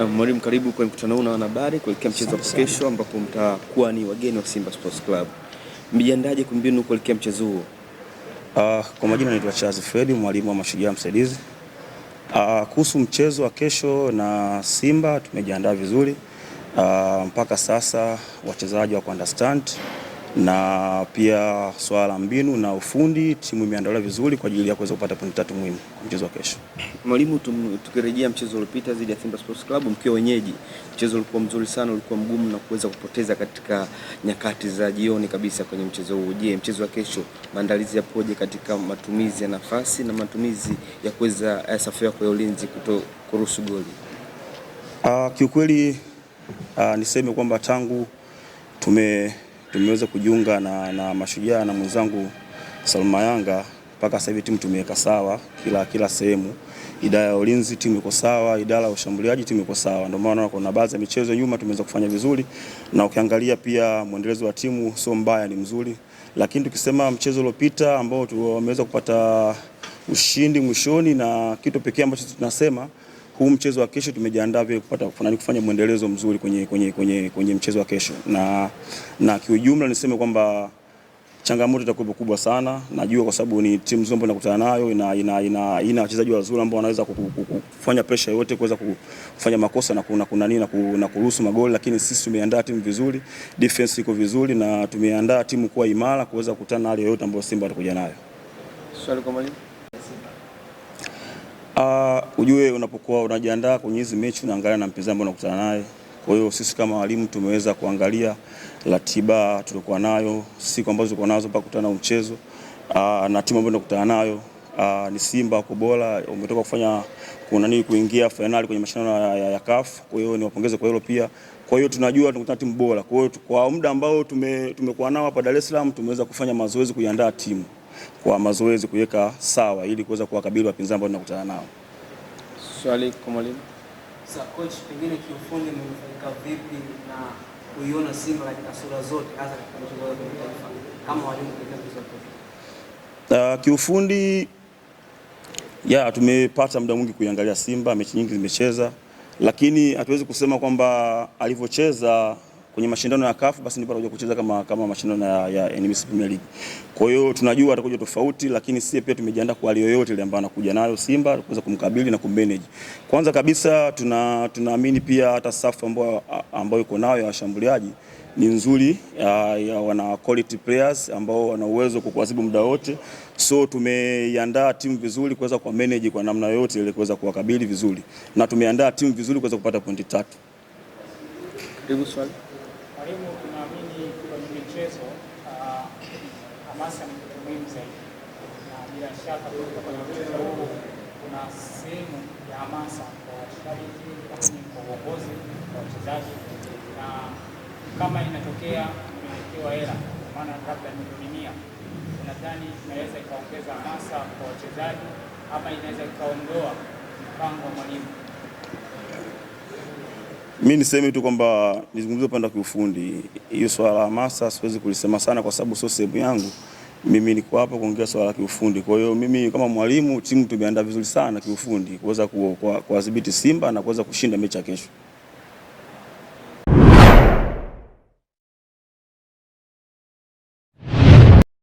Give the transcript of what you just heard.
Eh, mwalimu, karibu kwenye mkutano huu na wanahabari kuelekea mchezo wa kesho ambapo mtakuwa ni wageni wa Simba Sports Club. Mjiandaje kumbinu kuelekea mchezo huo? Uh, kwa majina naitwa Charles Fredi, mwalimu wa mashujaa msaidizi. Uh, kuhusu mchezo wa kesho na Simba tumejiandaa vizuri. Uh, mpaka sasa wachezaji wa understand na pia swala la mbinu na ufundi, timu imeandaliwa vizuri kwa ajili ya kuweza kupata pointi tatu muhimu kwa mchezo wa kesho. Mwalimu, tukirejea mchezo uliopita dhidi ya Simba Sports Club mkiwa wenyeji, mchezo ulikuwa mzuri sana, ulikuwa mgumu na kuweza kupoteza katika nyakati za jioni kabisa kwenye mchezo huu. Je, mchezo wa kesho maandalizi yapoje katika matumizi ya nafasi na matumizi ya kuweza eh, safu yako ya ulinzi kuto kuruhusu goli? Uh, kiukweli uh, niseme kwamba tangu tume tumeweza kujiunga na, na mashujaa na mwenzangu Salma Yanga mpaka sasa hivi timu tumeweka sawa kila, kila sehemu. Idara ya ulinzi timu iko sawa, idara ya ushambuliaji timu iko sawa. Ndio maana kuna baadhi ya michezo nyuma tumeweza kufanya vizuri, na ukiangalia pia mwendelezo wa timu sio mbaya, ni mzuri. Lakini tukisema mchezo uliopita ambao tumeweza kupata ushindi mwishoni, na kitu pekee ambacho tunasema huu mchezo wa kesho tumejiandaa vile kupata kufanya kufanya mwendelezo mzuri kwenye, kwenye, kwenye, kwenye mchezo wa kesho, na, na kiujumla niseme kwamba changamoto itakuwa kubwa sana. Najua kwa sababu ni timu nzuri ambayo inakutana nayo, ina ina ina, ina wachezaji wazuri ambao wanaweza kufanya pressure yote, kuweza kufanya makosa na kuna kuna nini na kuruhusu magoli, lakini sisi tumeandaa timu vizuri, defense iko vizuri na tumeandaa timu kuwa imara kuweza kukutana na hali yoyote ambayo Simba atakuja nayo. Swali kwa mwalimu. Uh, ujue unapokuwa unajiandaa kwenye hizi mechi unaangalia na mpinzani ambao unakutana naye. Kwa hiyo sisi kama walimu tumeweza kuangalia ratiba tulikuwa nayo, siku ambazo tulikuwa nazo mpaka kukutana na mchezo uh, na timu ambayo tunakutana nayo uh, ni Simba kwa bora umetoka kufanya kuna nini kuingia fainali kwenye mashindano ya, ya ya CAF. Kwa hiyo niwapongeze kwa hilo pia. Kwa hiyo tunajua tunakutana timu bora. Kwa hiyo kwa muda ambao tumekuwa tume, nao hapa Dar es Salaam tumeweza kufanya mazoezi kuiandaa timu kwa mazoezi kuweka sawa ili kuweza kuwakabili wapinzani ambao tunakutana nao. Swali kwa mwalimu. Sasa coach, pengine kiufundi mmefanyika vipi na kuiona Simba katika sura zote hasa katika mchezo wa kimataifa kama walimu Uh, kiufundi ya tumepata muda mwingi kuiangalia Simba, mechi nyingi zimecheza, lakini hatuwezi kusema kwamba alivyocheza kwenye mashindano ya CAF, basi ndipo atakuja kucheza kama, kama mashindano ya, ya NBC Premier League. Kwa hiyo tunajua atakuja tofauti, lakini sisi pia tumejiandaa kwa hali yoyote ile ambayo anakuja nayo Simba kuweza kumkabili na kummanage. Kwanza kabisa tuna tunaamini pia hata safu ambayo ambayo iko nayo ya washambuliaji ni nzuri ya, ya wana quality players ambao wana uwezo kukuadhibu muda wote, so tumeiandaa timu vizuri kuweza kwa manage kwa namna yote ili kuweza kuwakabili vizuri, na tumeandaa timu vizuri kuweza kupata pointi tatu. swali. Mwalimu, tunaamini kwenye michezo ah, hamasa ni kitu muhimu zaidi, na bila shaka kwenye mchezo huu kuna sehemu ya hamasa kwa washiriki, lakini kwa uongozi wa wachezaji, na kama inatokea mmewekewa hela, maana labda milioni mia, nadhani inaweza ikaongeza hamasa kwa wachezaji ama inaweza ikaondoa mpango wa mwalimu. Mi niseme tu kwamba nizungumze upande wa kiufundi, hiyo swala la hamasa siwezi kulisema sana kwa sababu sio sehemu yangu. Mimi niko hapa kuongea swala la kiufundi. Kwa hiyo mimi kama mwalimu, timu tumeandaa vizuri sana kiufundi kuweza kuwadhibiti Simba na kuweza kushinda mechi ya kesho.